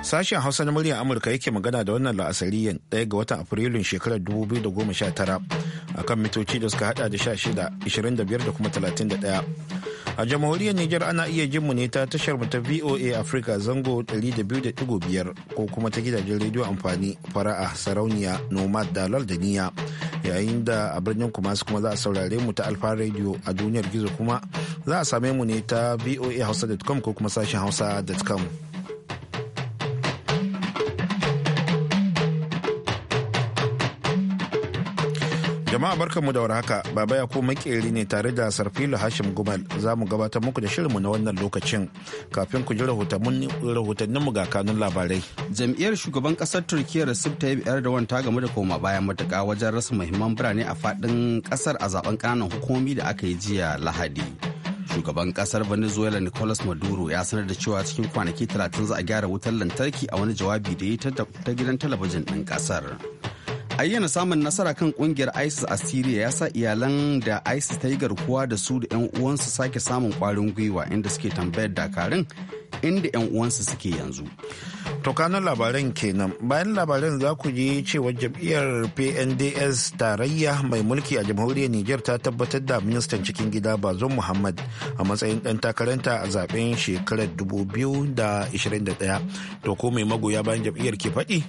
Sashen Hausa na muryar Amurka yake magana da wannan la'asari ɗaya ga watan Afrilun shekarar 2019 kan mitoci da suka hada da 16, 25 da kuma 31. A jamhuriyar Nijar ana iya jin mu ne ta tashar mu ta VOA Africa zango 200.5 ko kuma ta gidajen rediyo amfani fara'a sarauniya nomad dalal da niya yayin da a birnin kumasi kuma za a saurare mu ta alfa radio a duniyar gizo kuma za a same mu ne ta hausa.com ko kuma sashen hausa.com. Jama'a barkanmu da warhaka, Baba ya kuma makeri ne tare da Sarfilu Hashim Gumal za mu gabatar muku da shirinmu na wannan lokacin kafin ku ji mu ga kanun labarai. Jam'iyyar shugaban kasar Turkiyya Recep Tayyip Erdogan ta game da koma bayan matuƙa wajen rasa muhimman birane a faɗin ƙasar a zaben ƙananan hukumomi da aka yi jiya Lahadi. Shugaban kasar Venezuela Nicolas Maduro ya sanar da cewa cikin kwanaki talatin za a gyara wutar lantarki a wani jawabi da ya ta gidan talabijin ɗin ƙasar. ayyana samun nasara kan kungiyar isis a syria ya sa iyalan da isis ta yi garkuwa da su da 'yan uwansu sake samun kwarin gwiwa inda suke tambayar dakarun inda 'yan uwansu suke yanzu to kanun labaran kenan bayan labaran za ku ji cewa jam'iyyar pnds tarayya mai mulki a jamhuriyar niger ta tabbatar da ministan cikin gida bazon muhammad a matsayin dan takaranta a zaben shekarar 2021 to ko mai magoya bayan jam'iyyar ke faɗi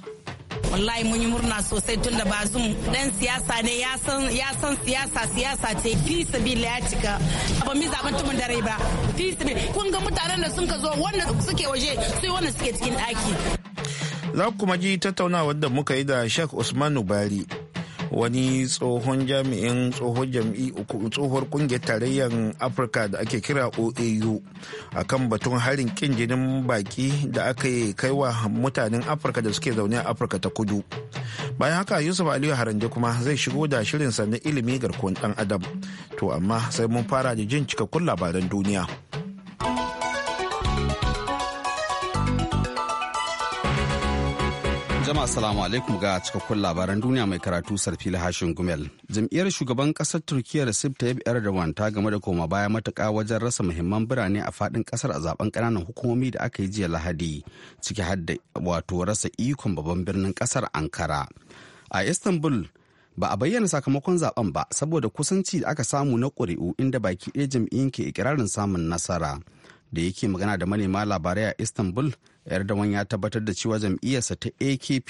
wallahi mun yi murna sosai tun da bazum dan siyasa ne ya san ya siyasa siyasa ce fi la ya cika ba mi zaben tumun da ba fi sabi kun ga mutanen da sun ka zo wanda suke waje sai wanda suke cikin daki za kuma ji tattaunawar da muka yi da Sheikh Usman Bari wani tsohon jami'in tsohuwar kungiyar tarayyar afirka da ake kira oau a kan batun harin kin jinin baki da aka kai wa mutanen afirka da suke zaune a afirka ta kudu bayan haka yusuf aliyu haranje kuma zai shigo da shirinsa na ilimi garkuwan dan adam to amma sai mun fara da jin cikakkun labaran duniya. Jama'a salamu alaikum ga cikakkun labaran duniya mai karatu sarfila hashin gumel. Jam'iyyar shugaban kasar Turkiyya Recep Tayyip Erdogan ta game da koma baya matuƙa wajen rasa muhimman birane a faɗin kasar a zaben ƙananan hukumomi da aka yi jiya Lahadi ciki har da wato rasa ikon babban birnin kasar Ankara. A Istanbul ba a bayyana sakamakon zaben ba saboda kusanci da aka samu na ƙuri'u inda baki ɗaya jam'iyyun ke ikirarin samun nasara. da yake magana da manema labarai a istanbul erdogan ya tabbatar da cewa jam'iyyarsa ta akp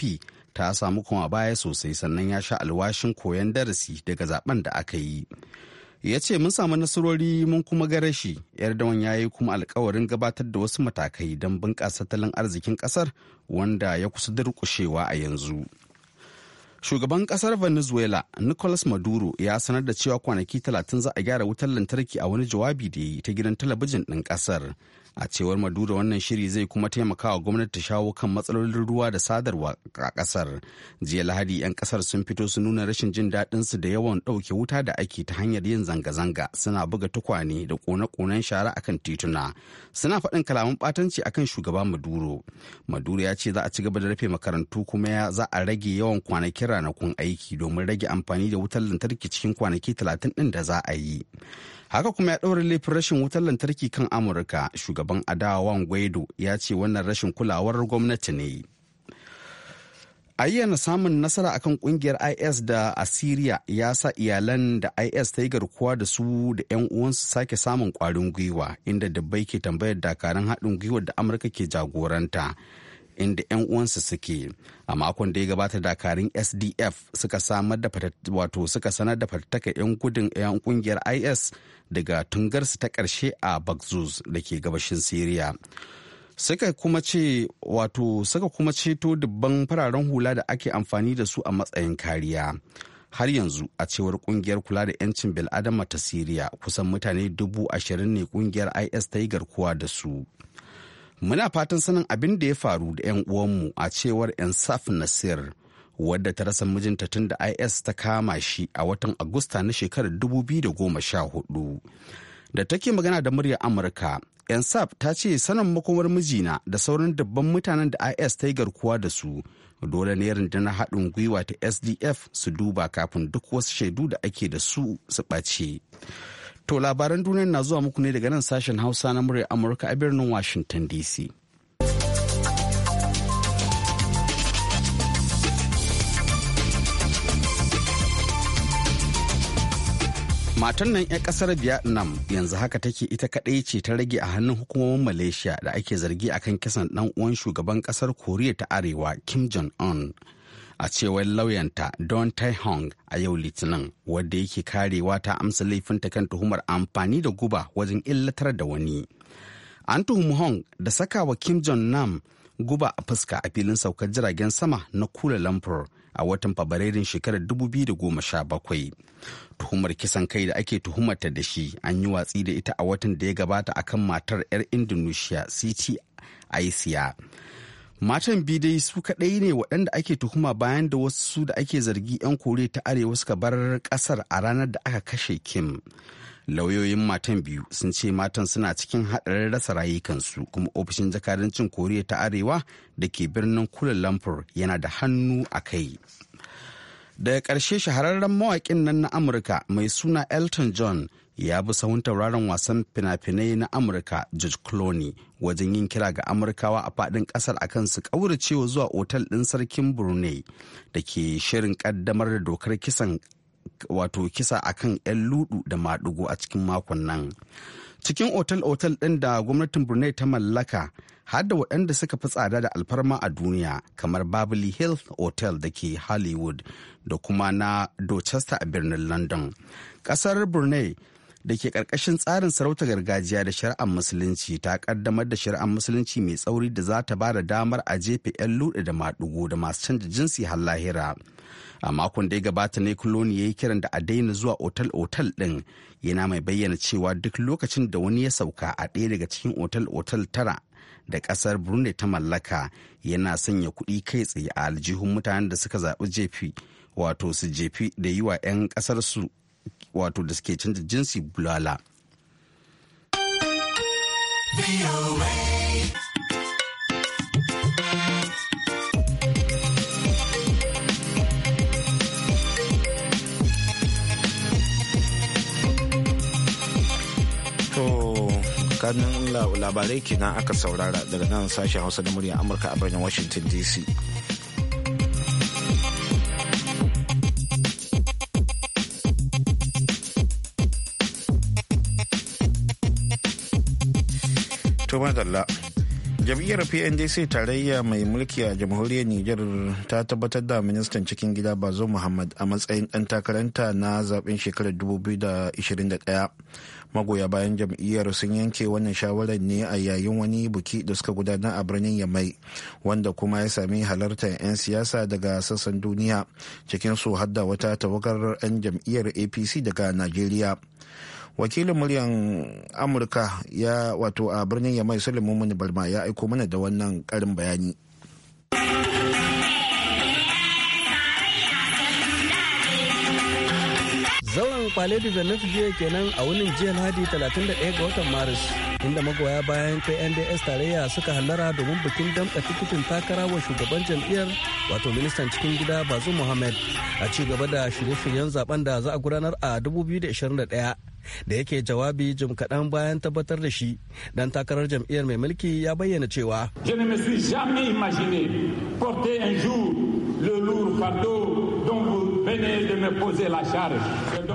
ta samu kuma baya sosai sannan ya sha alwashin koyon darasi daga zaben da aka yi ya ce mun samu nasarori mun kuma ga rashi erdogan ya yi kuma alkawarin gabatar da wasu matakai don bunƙasa tattalin arzikin ƙasar wanda ya kusa durƙushewa a yanzu. Shugaban kasar Venezuela Nicolas Maduro ya sanar da cewa kwanaki talatin za a gyara wutar lantarki a wani jawabi da ya yi ta gidan talabijin ɗin ƙasar. a cewar madura wannan shiri zai kuma taimakawa gwamnati ta shawo kan matsalolin ruwa da sadarwa a kasar jiya lahadi 'yan kasar sun fito su nuna rashin jin daɗin su da yawan ɗauke wuta da ake ta hanyar yin zanga-zanga suna buga tukwane da kone-konen shara akan tituna suna faɗin kalaman ɓatanci akan shugaba maduro maduro ya ce za a ci gaba da rufe makarantu kuma ya za a rage yawan kwanakin ranakun aiki domin rage amfani da wutar lantarki cikin kwanaki talatin ɗin da za a yi haka kuma ya ɗaura laifin rashin wutar lantarki kan amurka shugaban adawa guaido ya ce wannan rashin kulawar gwamnati ne ayyana samun nasara akan kungiyar is da assyria ya sa iyalan da is ta yi garkuwa da su da 'yan uwansu sake samun kwarin gwiwa inda dabbai ke tambayar dakarun haɗin gwiwar da amurka ke jagoranta inda 'yan uwansa suke a makon da ya gabata dakarun sdf suka samar da wato suka sanar da fatattaka 'yan gudun 'yan kungiyar is daga tungarsu ta karshe a bagzuz da ke gabashin syria suka kuma ce wato suka kuma ceto dubban fararen hula da ake amfani da su a matsayin kariya har yanzu a cewar kungiyar kula da 'yancin bil'adama ta siriya kusan mutane dubu ashirin ne kungiyar is ta yi garkuwa da su muna fatan sanin abin da ya faru da 'yan uwanmu a cewar na nasir wadda ta rasa mijinta tun da is ta kama shi a watan agusta na shekarar 2014 da take magana da muryar amurka insaf ta ce sanin makomar mijina da sauran dabban mutanen da is ta yi garkuwa da su dole ne na haɗin gwiwa ta sdf su duba kafin duk wasu shaidu da ake da su su ɓace. To labaran duniya na zuwa muku ne daga nan sashen Hausa na murya Amurka a birnin Washington DC. Matan nan 'yan kasar Vietnam yanzu haka take ita kadai ce ta rage a hannun hukumomin Malaysia da ake zargi akan kisan dan uwan shugaban kasar Koriya ta Arewa Kim Jong-un. a cewar lauyanta don tai hong a yau litinin wadda yake karewa ta amsa laifinta kan tuhumar amfani da guba wajen illatar da wani an tuhumi hong da saka wa kim jong nam guba a fuska a filin saukar jiragen sama na kula lumpur a watan fabrairun shekarar 2017 tuhumar kisan kai da ake tuhumarta da shi an yi watsi da ita a watan da ya gabata akan matar 'yar indonesia siti aisia matan dai su kaɗai ne waɗanda ake tuhuma bayan da wasu da ake zargi 'yan koriya ta arewa suka bar ƙasar a ranar da aka kashe kim lauyoyin matan biyu sun ce matan suna cikin haɗarin rasa rayukansu kuma ofishin jakadancin koriya ta arewa da ke birnin kula lampur yana da hannu a kai daga ƙarshe shahararren mawaƙin nan na amurka mai suna elton john ya bi sahun tauraron wasan fina-finai na amurka george clooney wajen yin kira ga amurkawa a fadin kasar akan su ƙauracewa zuwa otal ɗin sarkin brunei da ke shirin kaddamar da dokar kisan wato kisa akan 'yan ludu da maɗigo a cikin makon nan cikin otal-otal ɗin da gwamnatin brunei ta mallaka har da waɗanda suka fi tsada da alfarma a duniya kamar Beverly Hills Hotel da ke Hollywood da kuma na Dorchester a birnin London. Ƙasar Brunei da ke ƙarƙashin tsarin sarauta gargajiya da shari'ar musulunci ta ƙaddamar da shari'ar musulunci mai tsauri da za ta ba da damar a jefe 'yan luɗe da maɗugo da masu canja jinsi har lahira. a makon da ya gabata ne kuloni ya yi kiran da a daina zuwa otal-otal ɗin yana mai bayyana cewa duk lokacin da wani ya sauka a ɗaya daga cikin otal-otal tara da ƙasar burundi ta mallaka yana sanya kuɗi kai tsaye a aljihun mutanen da suka zaɓi jefi wato su jefi da yi wa 'yan ƙasar su wato da suke canza jinsi bulala. kanin labarai kenan aka saurara daga nan sashen hausa na murya amurka a birnin washington dc madalla jam'iyyar pndc tarayya mai mulki a jamhuriyar nijar ta tabbatar da ministan cikin gida bazo muhammad a matsayin ɗan takaranta na zaɓen shekarar 2021 magoya bayan jam'iyyar sun yanke wannan shawarar ne a yayin wani buki da suka gudana a birnin yamai wanda kuma ya sami halartar 'yan siyasa daga sassan duniya cikin su hadda wata tawagar 'yan jam'iyyar apc daga najeriya wakilin muryan amurka ya wato a birnin yamai mani barma ya aiko mana da wannan karin bayani Zauren Kwale da ke kenan a wunin jiya Lahadi 31 ga watan Maris, inda magoya bayan KNDS tarayya suka hallara domin bikin damka tikitin takara wa shugaban jam'iyyar wato ministan cikin gida Bazu Muhammad a ci gaba da shirye-shiryen zaben da za a gudanar a 2021 da yake jawabi jim kaɗan bayan tabbatar da shi dan takarar jam'iyyar mai mulki ya bayyana cewa je ne me suis jamais imaginé porter un jour le lourd fardeau bene da me pose la charge.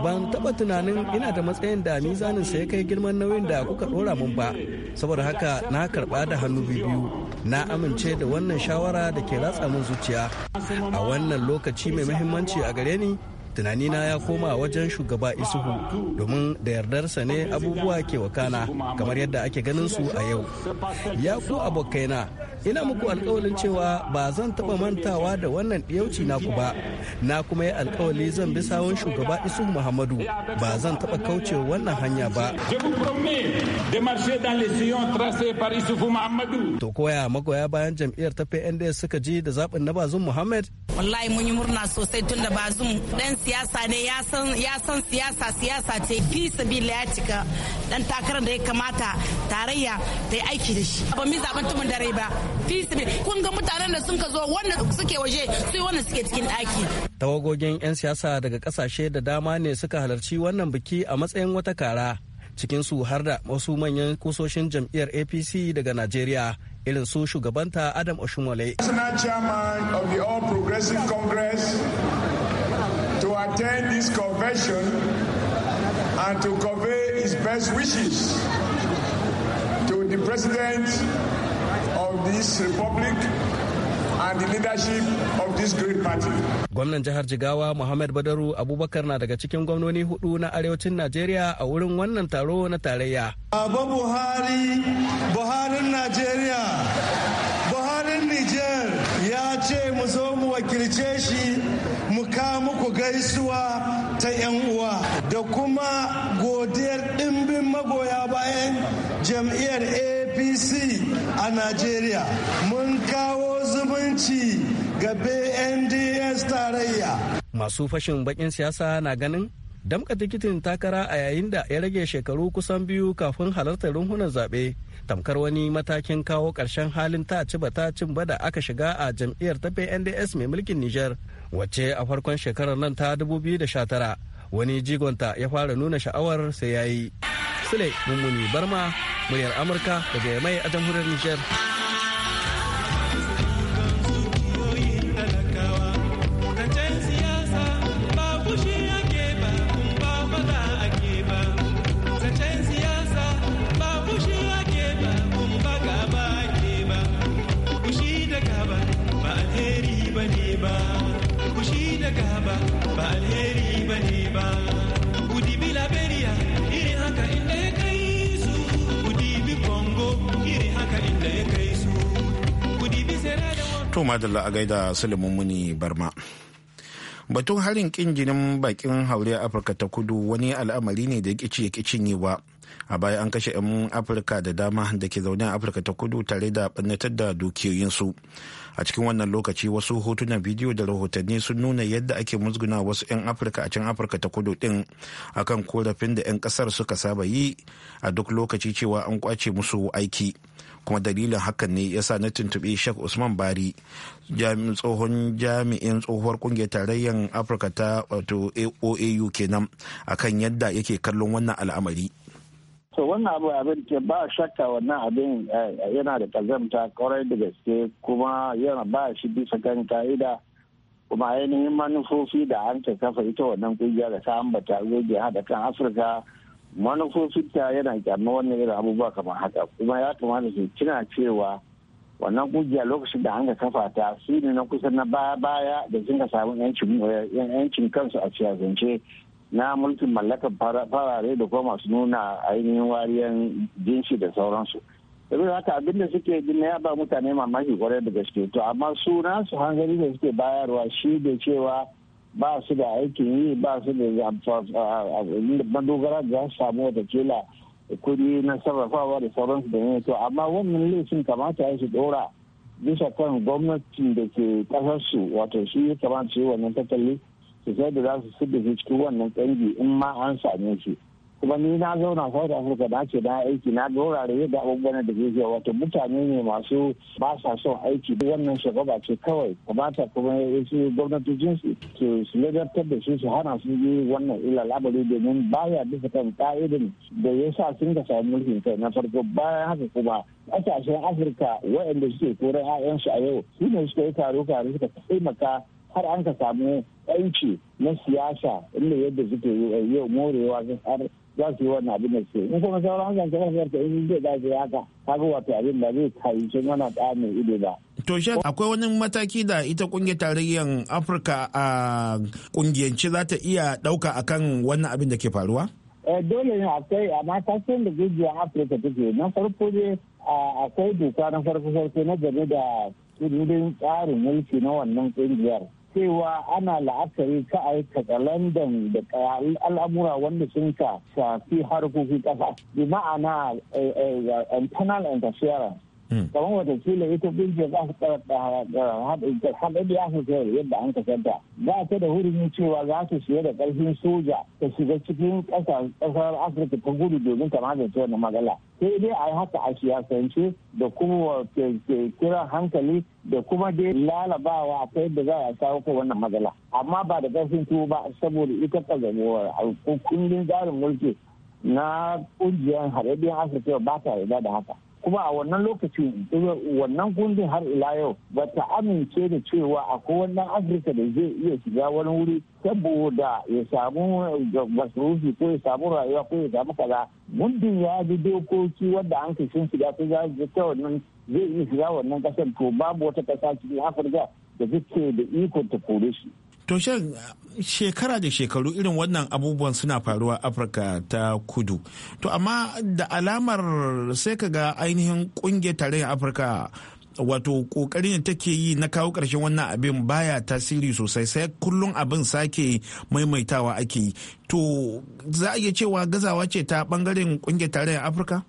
Ban taɓa tunanin ina da matsayin da mizanin sa ya kai girman nauyin da kuka ɗora mun ba, saboda haka na karɓa da hannu biyu. Na amince da wannan shawara da ke ratsa min zuciya. A wannan lokaci mai muhimmanci a gare ni, tunanina ya koma wajen shugaba isuhu domin da yardarsa ne abubuwa ke wakana kamar yadda ake ganin su a yau ya ku abokaina ina muku alkawalin cewa ba zan taba mantawa da wannan ɗiyauci naku ba na kuma yi alkawali zan bi sawun shugaba isuhu muhammadu ba zan taba kauce wannan hanya ba to koya magoya bayan jam'iyyar ta pnds suka ji da zaɓin na bazun muhammad wallahi mun yi murna sosai tun da bazun. ɗan siyasa ne ya san siyasa siyasa ce fi sabila ya cika dan takarar da ya kamata tarayya ta yi aiki da shi ba mi zaben tumin dare ba fi sabila kun ga mutanen da sun ka zo wanda suke waje su wanda suke cikin daki tawagogin yan siyasa daga kasashe da dama ne suka halarci wannan biki a matsayin wata kara cikinsu har da wasu manyan kusoshin jam'iyyar apc daga nigeria irin su shugabanta adam oshumole national chairman of the all progressive congress to attend this convention and to convey his best wishes to the President of this Republic and the leadership of this great party. Gwamnan jihar Jigawa Muhammad Badaru Abubakar na daga cikin gwamnoni hudu na arewacin Najeriya a wurin wannan taro na tarayya. Baba Buhari, Buharin Najeriya, Buharin Niger ya ce mu zo mu wakilce shi ka muku gaisuwa ta 'yan uwa da kuma godiyar ɗimbin magoya bayan jam'iyyar apc a najeriya mun kawo zumunci ga bnds tarayya masu fashin bakin siyasa na ganin damka tikitin takara a yayin da ya rage shekaru kusan biyu kafin halartar runhunan zaɓe tamkar wani matakin kawo ƙarshen halin ta ci bata cin da aka shiga a jam'iyyar ta PNDS mai mulkin niger wacce a farkon shekarar nan ta 2019 wani jigonta ya fara nuna sha'awar sai ya yi. Sule Mummuni Barma, muryar Amurka daga mai a jamhuriyar niger. To madalla a gaida Muni Barma. Batun harin kin jinin bakin haure a Afirka ta kudu wani al'amari ne da ya ya kicin ba A baya an kashe 'yan Afirka da dama da ke zaune a Afirka ta kudu tare da ɓannatar da su A cikin wannan lokaci wasu hotunan bidiyo da rahotanni sun nuna yadda ake musguna wasu 'yan Afirka a can Afirka ta kudu ɗin akan korafin da 'yan kasar suka saba yi a duk lokaci cewa an kwace musu aiki. kuma dalilin hakan ne yasa na tuntuɓi Sheikh Usman Bari tsohon jami'in tsohuwar ƙungiyar tarayyar Afirka ta wato OAU kenan akan yadda yake kallon wannan al'amari. to wannan abu abin ke ba shakka wannan abin eh, yana da kazamta kwarai da gaske kuma yana ba shi bisa kan ka'ida kuma ainihin manufofi da an ta kafa ita wannan kungiya da ta ambata zai hada kan afirka ta yana kyamar wannan irin abubuwa kamar haka kuma ya kamata su tuna cewa wannan kungiya lokacin da hanga kafa ta su ne na kusan na baya baya da sun ka samu yancin kansu a siyasance na mulkin mallakar farare da kuma masu nuna ainihin wariyar jinsi da sauransu yanzu haka abin da suke gina ya ba mutane mamaki kwarai da gaske to amma su nasu hankali da suke bayarwa shi da cewa ba su da aikin yi ba su da madogara da samu samu kila kuɗi na sarrafawa da sauransu da ne to amma wannan laifin kamata ya su ɗora bisa kan gwamnatin da ke ƙasarsu wato shi ya kamata su yi wannan tattali su sai da za su da cikin wannan kangi in ma an same shi kuma ni na zauna South Africa da ake da aiki na da yadda abubuwan da ke wato mutane ne masu ba sa son aiki duk wannan shagaba ce kawai kamata kuma yasu gwamnati jinsi ke su ladartar da su su hana su yi wannan illa labari domin baya bisa kan ka'idin da ya sa sun ka samu mulkin kai na farko bayan haka kuma ƙasashen afirka waɗanda suke koran 'ya'yansu a yau su ne suka yi taro tare suka taimaka har an ka samu yanci na siyasa inda yadda suke yau morewa har za su yi wannan abin da ke in kuma sauran wancan kamar ta in zai dace haka kaga wato abin da zai shi mana da mai ido ba. To shan akwai wani mataki da ita kungiyar tarayyar Afirka a kungiyance za ta iya ɗauka akan wannan abin da ke faruwa? Eh, dole ne akwai a matakin da gujiyar afirka take na farko ne akwai doka na farko farko na game da kudin tsarin mulki na wannan kungiyar cewa ana la'akari ka aikata london da al'amura wanda sun ka shafi harkokin ƙasa bi ma'ana internal eh, eh, eh, interference Mm. kamar watakila ita kungiyar za su ya su sayar yadda an kasanta za ta da hurumi cewa za su siya da ƙarfin soja ta shiga cikin ƙasar afirka ta gudu domin ta magance wannan magala sai dai a yi haka a siyasance da kuma kira hankali da kuma dai lalabawa ta yadda za a kawo ko wannan amma ba da ƙarfin tuwo ba saboda ita ƙazamewar kundin tsarin mulki na ƙungiyar haɗaɗɗiyar afirka ba ta yarda da haka kuma a wannan lokaci wannan gundun har ila yau ba ta amince da cewa akwai wannan afirka da zai iya shiga wani wuri saboda ya samu masarufi ko ya samu rayuwa ko ya samu kaza gundun ya ji dokoki wanda an sun shiga ta za ta wannan zai iya shiga wannan kasar to babu wata kasa cikin afirka da take da iko ta kore shi to shekara da shekaru irin wannan abubuwan suna faruwa afirka ta kudu to amma da alamar sai ka ga ainihin kungiyar tarayyar afirka wato kokarin da take yi na kawo ƙarshen wannan abin baya tasiri sosai sai kullum abin sake maimaitawa ake yi to za a iya cewa gazawa ce ta bangaren kungiyar tarayyar afirka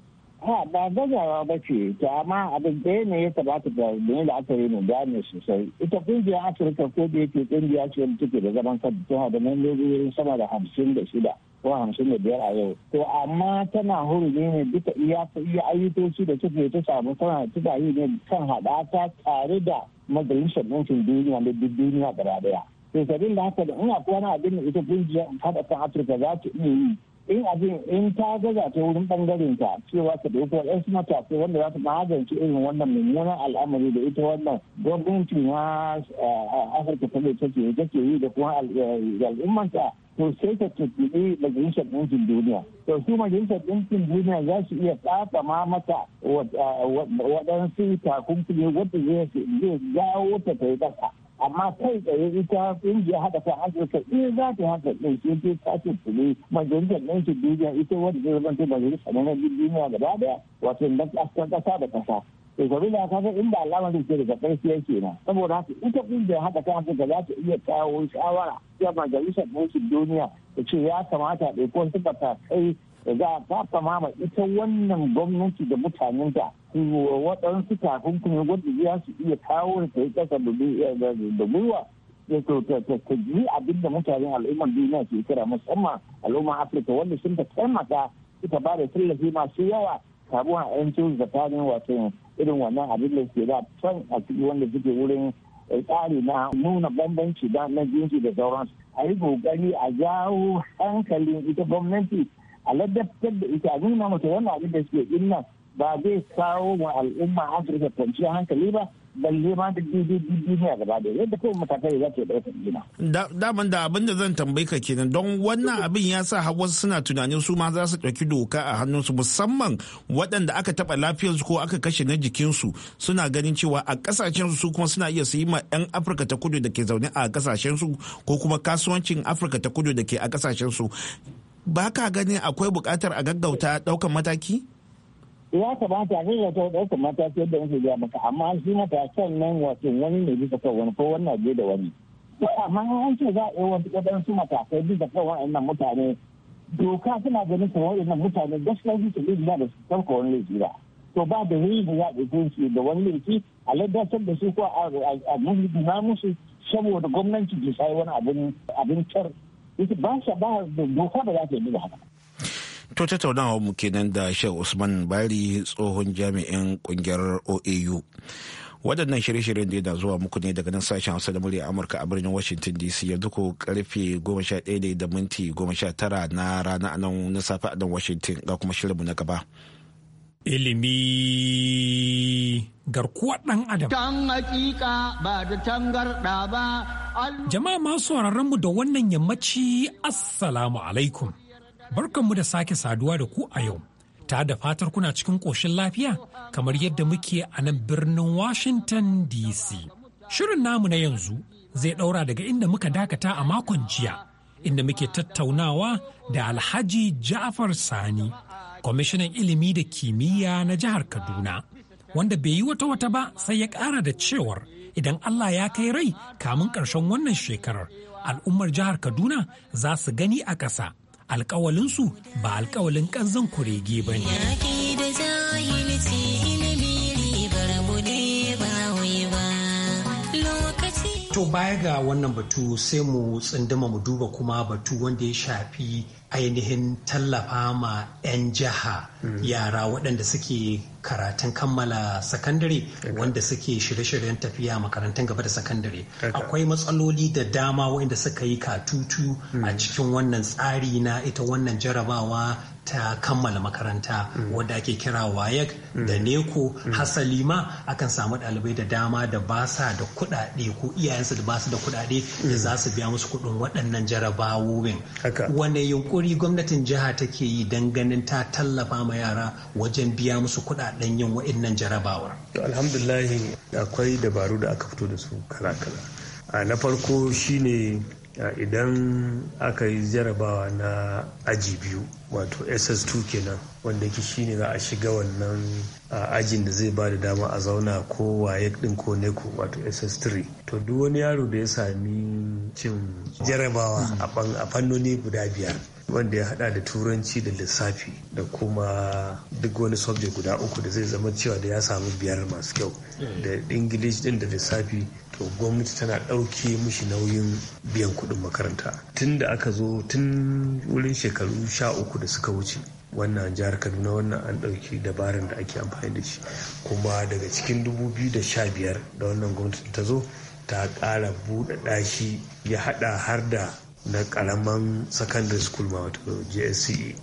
ha ba gazawa ba ce ta amma abin ɗaya ne ya kamata da ne da aka yi mu gane sosai ita kungiyar afirka ko da yake kungiya ce da take da zaman kanta tana da membobi sama da hamsin da shida ko hamsin da biyar a yau to amma tana hurumi ne duka iya iya ayyukoci da take ta samu tana tuka yi ne kan haɗaka tare da majalisar ɗinkin duniya da duk duniya gaba daya to sabin da haka da ina kuwa na abin da ita kungiyar haɗa kan afirka za ta iya yi in abin in ta gaza ta wurin bangaren ta cewa ta wannan suna tafi wanda za su magance irin wannan mummunan al'amari da ita wannan gwamnati na afirka ta take take yi da kuma eh, al'ummanta to sai ta da majalisar ɗinkin duniya to su majalisar ɗinkin duniya za su iya tsafa ma mata waɗansu takunkumi wadda zai jawo ta ta yi ƙasa amma kai tsaye ita kungiya haɗa kan afirka in za ta haka ɗin ce ce ta ce tuni majalisar ɗinkin duniya ita wanda zai zama majalisar ɗinkin duniya gaba da wato na ƙasa da ƙasa shekaru da da inda da ke daga ƙarfi yake na saboda haka ita kungiyar haɗa kan afirka za ta iya kawo shawara ya majalisar ɗinkin duniya da ce ya kamata a ɗauko kai za a fafa mama ita wannan gwamnati da mutanen da su waɗansu takunkumin wadda za su iya kawo da ta yi ƙasa da eh, gwiwa ta ji abin da mutanen al'ummar duniya ke kira musamman al'ummar afirka wanda sun ta taimaka suka ba da tallafi masu yawa kamuwa a yancin zakanin wato irin wannan abin da ke da can a ciki wanda suke wurin eh, tsari na nuna bambanci da na jinsi da sauransu a yi kokari a jawo hankalin ita gwamnati a ladabtar da ita a nuna mata wannan abin da suke yin ba zai kawo wa al'umma afirka kwanciyar hankali ba balle ma da duniya gaba da yadda kawai matakai za ta ɗaukar gina. daman da abin da zan tambayi ka kenan don wannan abin ya sa har wasu suna tunanin su ma za su ɗauki doka a hannunsu musamman waɗanda aka taɓa lafiyarsu ko aka kashe na jikinsu suna ganin cewa a ƙasashen su kuma suna iya su yi ma 'yan afirka ta kudu da ke zaune a ƙasashen su ko kuma kasuwancin afirka ta kudu da ke a ƙasashen ba ka ganin akwai buƙatar a gaggauta ɗaukan mataki? ya kamata a gaggauta daukan mataki yadda muke gaya maka amma shi son nan wato wani mai bisa kan wani ko wannan biyu da wani to amma an ce za a yi waɗansu matakai bisa kan wa'annan mutane doka suna ganin kamar wa'annan mutane gaskiya su su da su tarka wani laifi ba to ba da wani da ya ɗauke su da wani laifi a ladatar da su ko a musu saboda gwamnati ke sai wani abin abin yake ba shi ba doka ba za ta yi da haka to tattaunawa mu kenan da Sheikh Usman Bari tsohon jami'in kungiyar OAU waɗannan shirye-shiryen da yana zuwa muku ne daga nan sashen hausa da murya amurka a birnin washington dc yanzu ko karfe 11 da minti 19 na rana nan na safe a washington ga kuma shirinmu na gaba ilimi garkuwar ɗan adam. Can hakika ba da tangarɗa ba Jama'a masu mu da wannan yammaci Assalamu alaikum. Barkanmu da sake saduwa da ku a yau. Ta da fatar kuna cikin ƙoshin lafiya kamar yadda muke a nan birnin Washington DC. Shirin namu na yanzu zai ɗaura daga inda muka dakata a makon jiya, inda muke tattaunawa da Alhaji Ja'far Sani, kwamishinan ilimi da kimiyya na jihar Kaduna. wanda bai yi wata wata ba sai ya ƙara da cewar idan Allah ya kai rai kamun ƙarshen wannan shekarar al'ummar jihar Kaduna za su gani a ƙasa alƙawalinsu ba alƙawalin ƙanzan kurege ba ne. to baya ga wannan batu sai mu tsindima mu duba kuma batu wanda ya shafi ainihin tallafa ma 'yan jiha mm. yara waɗanda suke karatun kammala sakandare wanda suke shirye-shiryen tafiya makarantun gaba da sakandare akwai matsaloli da dama waɗanda suka yi katutu mm. a cikin wannan tsari na ita wannan jarabawa ta kammala makaranta mm. wadda ake kira wayek da neko hasali ma akan samu ɗalibai da dama da ba sa da kuɗaɗe ko iyayensu da ba su da kuɗaɗe da za su biya musu kuɗin waɗannan jarabawowin ƙoƙari gwamnatin jiha take yi don ganin ta tallafa ma yara wajen biya musu kudaden yin wa'innan jarabawar? Alhamdulahi akwai dabaru da aka fito da su kala-kala. Na farko shine idan aka yi jarabawa na aji biyu wato ss2 kenan wanda ke shine za a shiga wannan ajin da zai ba da dama a zauna ko waye din ko ne ko wato ss3 to duk wani yaro da ya sami cin jarabawa a fannoni guda biyar wanda ya hada da turanci da lissafi da kuma duk wani subject guda uku da zai zama cewa da ya samu biyar masu kyau da ingilish din da lissafi to gwamnati tana ɗauke mishi nauyin biyan kuɗin makaranta tun da aka zo tun wurin shekaru sha uku da suka wuce wannan jihar kaduna wannan an ɗauki dabarar da ake amfani da shi kuma daga cikin 2015 da sha biyar da wannan gwamnati ta zo ta ƙara buɗe ɗashi ya haɗa har da na karaman secondary school ma wato JSCE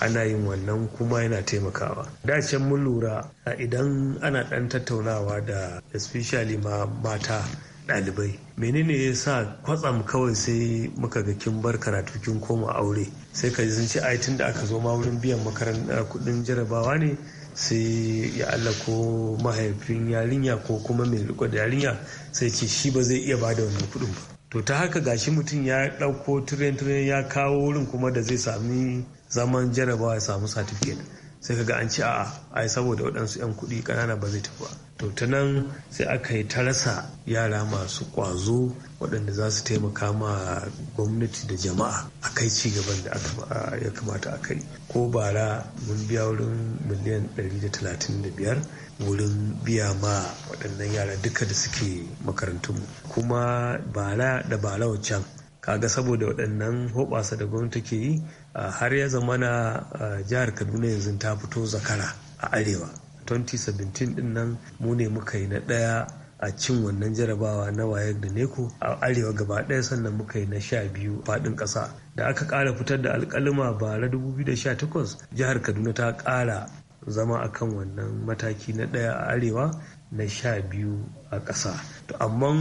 ana yin wannan kuma yana taimakawa da mun lura idan ana dan tattaunawa da especially ma mata ɗalibai menene ya sa kwatsam kawai sai muka ga kin bar karatu kin koma aure sai ka sun ce ai da aka zo ma wurin biyan makaranta eh, kuɗin jarabawa ne sai ya Allah ko mahaifin yarinya ko kuma mai riko da yarinya sai ce shi ba zai iya bada wannan kuɗin ba to ta haka gashi mutum ya ɗauko turen-turen ya kawo wurin kuma da zai sami zaman jarabawa ya samu satifiket sai kaga an ci a'a ai saboda waɗansu 'yan kuɗi ƙanana ba zai tafi ba to ta nan sai aka yi ta rasa yara masu ƙwazo waɗanda za su taimaka ma gwamnati da jama'a a kai ci gaban da ya kamata a kai ko bara mun biya wurin miliyan 135 wurin biya ma waɗannan yara duka da suke makarantunmu kuma bala da bala can. kaga saboda waɗannan hoɓasa da gwamnati ke yi har ya zama zamana jihar kaduna yanzu ta fito zakara a arewa 2017 din nan mu ne muka yi na ɗaya a cin wannan jarabawa na wayar da neko a arewa gaba ɗaya sannan muka yi na sha biyu faɗin ƙasa da aka ƙara fitar da alƙalima bara 2018 jihar kaduna ta ƙara zama a kan wannan mataki na ɗaya a arewa na sha biyu a ƙasa to amma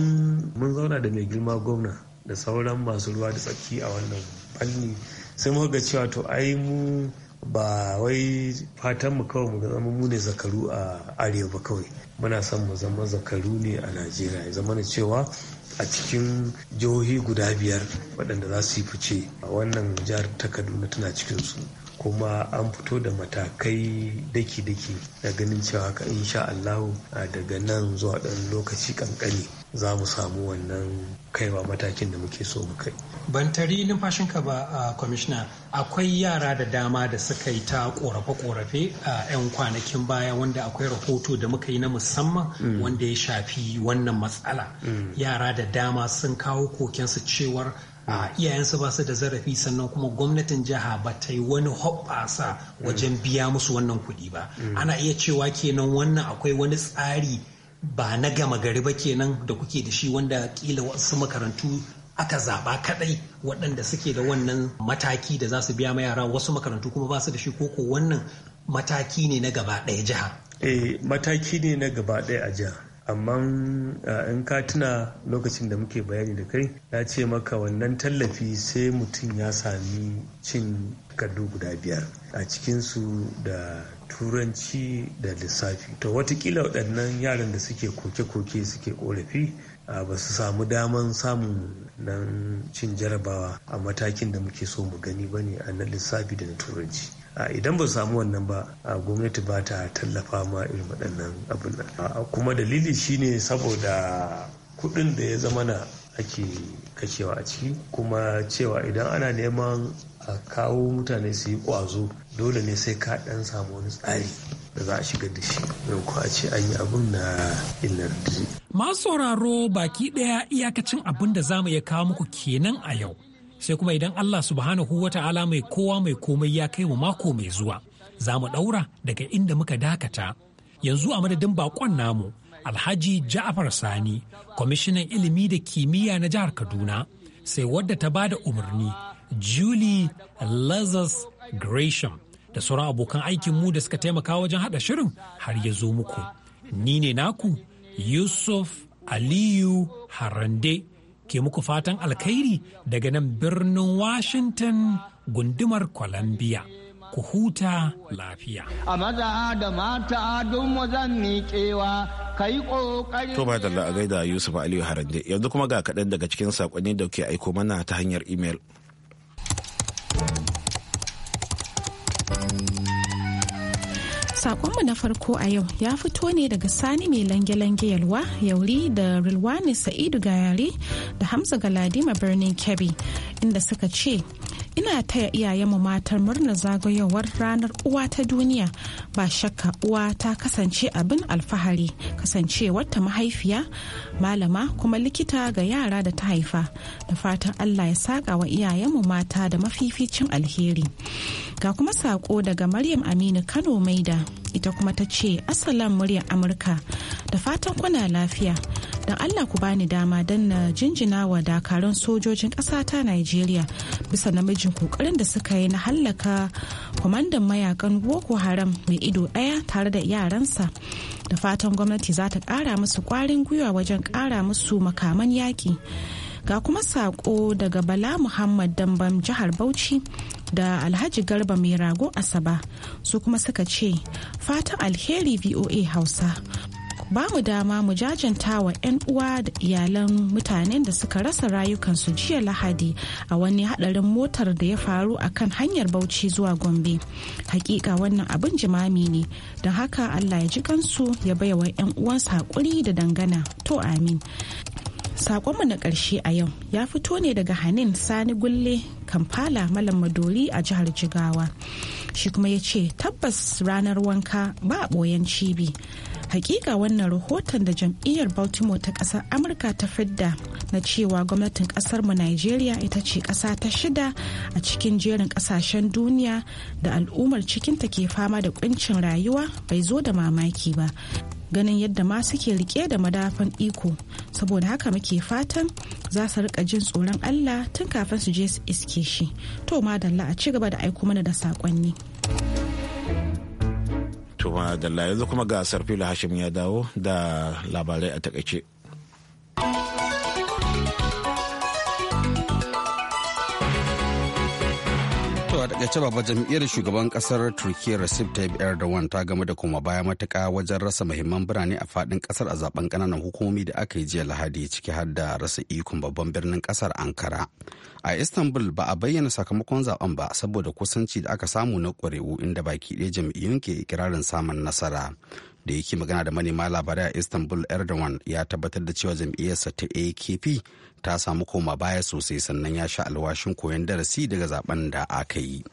mun zauna da mai girma gwamna da sauran masu ruwa da tsaki a wannan fanni sai muka cewa to ai mu ba wai fatan mu kawai mu zama mu ne zakaru a arewa ba kawai muna son mu zama zakaru ne a najeriya ya zama cewa a cikin jihohi guda biyar waɗanda za su yi fice a wannan jihar ta kaduna tana cikin su kuma an fito da matakai daki-daki da ganin cewa haka insha Allahu daga nan zuwa ɗan lokaci kankani za mu samu wannan kaiwa matakin da muke so mu kai. Ban tari numfashinka ba a kwamishina akwai yara da dama da suka yi ta ƙorafe korafe a 'yan kwanakin baya wanda akwai rahoto da muka yi na musamman mm. wanda ya shafi wannan matsala. Mm. Yara da dama sun kawo kokensu cewar iyayensu ba su da zarafi sannan kuma gwamnatin jiha ba ta yi wani hoɓɓasa wajen mm. biya musu wannan kuɗi ba mm. ana iya cewa kenan wannan akwai wani tsari ba na gama gari ba kenan da kuke da shi wanda kila wasu makarantu aka zaba kadai waɗanda suke da wannan mataki da za su biya ma yara wasu makarantu kuma ba su da shi koko wannan mataki ne na gaba ɗaya jiha. Eh mataki ne na gaba ɗaya a jiha. amma in ka tuna lokacin da muke bayani da kai ya ce maka wannan tallafi sai mutum ya sami cin kaddu guda biyar a cikinsu da turanci da lissafi to watakila waɗannan yaran da suke koke-koke suke korafi ba su samu daman samun nan cin jarabawa a matakin da muke so mu gani ba ne a na lissafi da na turanci idan ba samu wannan ba a gwamnati ba ta tallafa ma irin waɗannan abin nan kuma dalili shine saboda kuɗin da ya zama na ake kashewa a ciki kuma cewa idan ana neman a kawo mutane su yi ƙwazo dole ne sai ka ɗan samu wani tsari da za a shiga da shi don ko a ce an yi abun na illar masu sauraro baki ɗaya iyakacin abin da za mu iya kawo muku kenan a yau sai kuma idan Allah subhanahu wa ta'ala mai kowa mai komai ya kai mu mako mai zuwa za mu ɗaura daga inda muka dakata yanzu a madadin bakon namu alhaji ja'afar sani kwamishinan ilimi da kimiyya na jihar kaduna sai wadda ta ba da umarni julie lazars gresham da sauran abokan aikin mu da suka taimaka wajen hada shirin har ya zo muku ni ne naku yusuf aliyu harande ke muku fatan alkhairi daga nan birnin Washington gundumar Columbia. Ku huta lafiya. A maza da mata don zan miƙewa kai ƙoƙari. To ba da da Yusuf Aliyu Harande yanzu kuma ga kaɗan daga cikin saƙonni da ke aiko mana ta hanyar imel. Sakonmu na farko a yau ya fito ne daga Sani mai lange-lange yalwa yauri da Rilwani Sa'idu ga yare da Hamza Galadima birnin Kebbi inda suka ce ina taya iyayenmu matar murna zagayowar ranar uwa ta duniya ba shakka uwa ta kasance abin alfahari kasancewar ta mahaifiya malama kuma likita ga yara da ta haifa da fatan Allah ya saka wa iyayenmu mata da mafificin alheri. Ga kuma saƙo daga Maryam Aminu Kano Maida ita kuma ta ce asalan muryar Amurka da fatan kuna lafiya. Don Allah ku bani dama don na jinjina wa dakarun sojojin ƙasa ta Najeriya bisa namijin kokarin da suka yi na hallaka kwamandan mayakan Boko Haram mai ido ɗaya tare da yaransa. Da fatan gwamnati za ta ƙara musu ƙwarin gwiwa wajen ƙara musu makaman yaƙi. ga kuma sako daga bala muhammad dambam jihar bauchi da alhaji garba mai rago asaba su kuma suka ce fatan alheri voa hausa ba mu dama mu jajanta wa 'yan uwa da iyalan mutanen da suka rasa rayukansu jiya lahadi a wani hadarin motar da ya faru a kan hanyar bauchi zuwa gombe hakika wannan abin jimami ne don haka allah ya ji kansu ya baiwa 'yan uwansu haƙuri da dangana to amin Sakonmu na ƙarshe a yau ya fito ne daga Hanin Sani Gulle Kampala Malam Madori a jihar Jigawa. Shi kuma ya ce tabbas ranar wanka ba a cibi. hakika wannan rahoton da jam'iyyar baltimore ta ƙasar amurka ta fidda na cewa gwamnatin kasarmu nigeria ita ce ƙasa ta shida a cikin jerin ƙasashen duniya da al'ummar cikinta ke fama da kuncin rayuwa bai zo da mamaki ba ganin yadda ma suke rike da madafan iko saboda haka muke fatan za su rika jin tsoron allah tun kafin su je su iske shi to madalla a ci gaba da aiko mana da saƙonni. to madalla yanzu kuma ga sarfila hashim ya dawo da labarai a takaice. takaice baba jam'iyyar shugaban kasar turkiyya recep tayyip erdogan ta game da kuma baya matuka wajen rasa muhimman birane a fadin kasar a zaben kananan hukumomi da aka yi jiya lahadi ciki har da rasa ikon babban birnin kasar ankara a istanbul ba a bayyana sakamakon zaben ba saboda kusanci da aka samu na ƙwarewu inda baki ɗaya jam'iyyun ke ikirarin samun nasara da yake magana da manema labarai a istanbul erdogan ya tabbatar da cewa jam'iyyarsa ta akp ta samu koma baya sosai sannan ya sha alwashin koyon darasi daga zaben da aka yi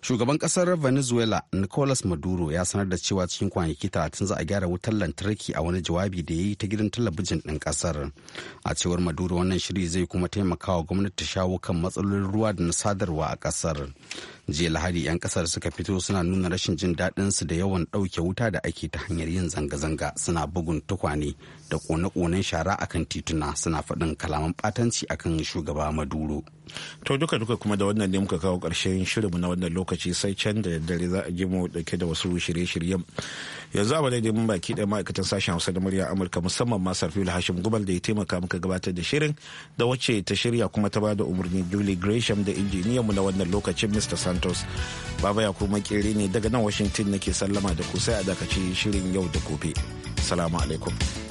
shugaban kasar venezuela nicolas maduro ya sanar da cewa cikin kwanaki talatin za a gyara wutar lantarki a wani jawabi da ya yi ta gidan talabijin ɗin kasar a cewar maduro wannan shiri zai kuma taimakawa gwamnati shawo kan matsalolin ruwa da na sadarwa a kasar jiya lahadi 'yan kasar suka fito suna nuna rashin jin daɗin su da yawan ɗauke wuta da ake ta hanyar yin zanga-zanga suna bugun tukwane da kone-konen shara akan tituna suna faɗin kalaman ɓatanci akan shugaba maduro to duka duka kuma da wannan ne muka kawo ƙarshen shirinmu na wannan lokaci sai can da daddare za a ji mu dauke da wasu shirye-shiryen yanzu a da mun baki ɗaya ma'aikatan sashen hausa da murya amurka musamman ma sarfil hashim gubal da ya taimaka muka gabatar da shirin da wacce ta shirya kuma ta ba da umarni julie gresham da injiniyanmu na wannan lokacin mr santos baba ya kuma ne daga nan washington nake sallama da ku sai a dakaci shirin yau da gobe salamu alaikum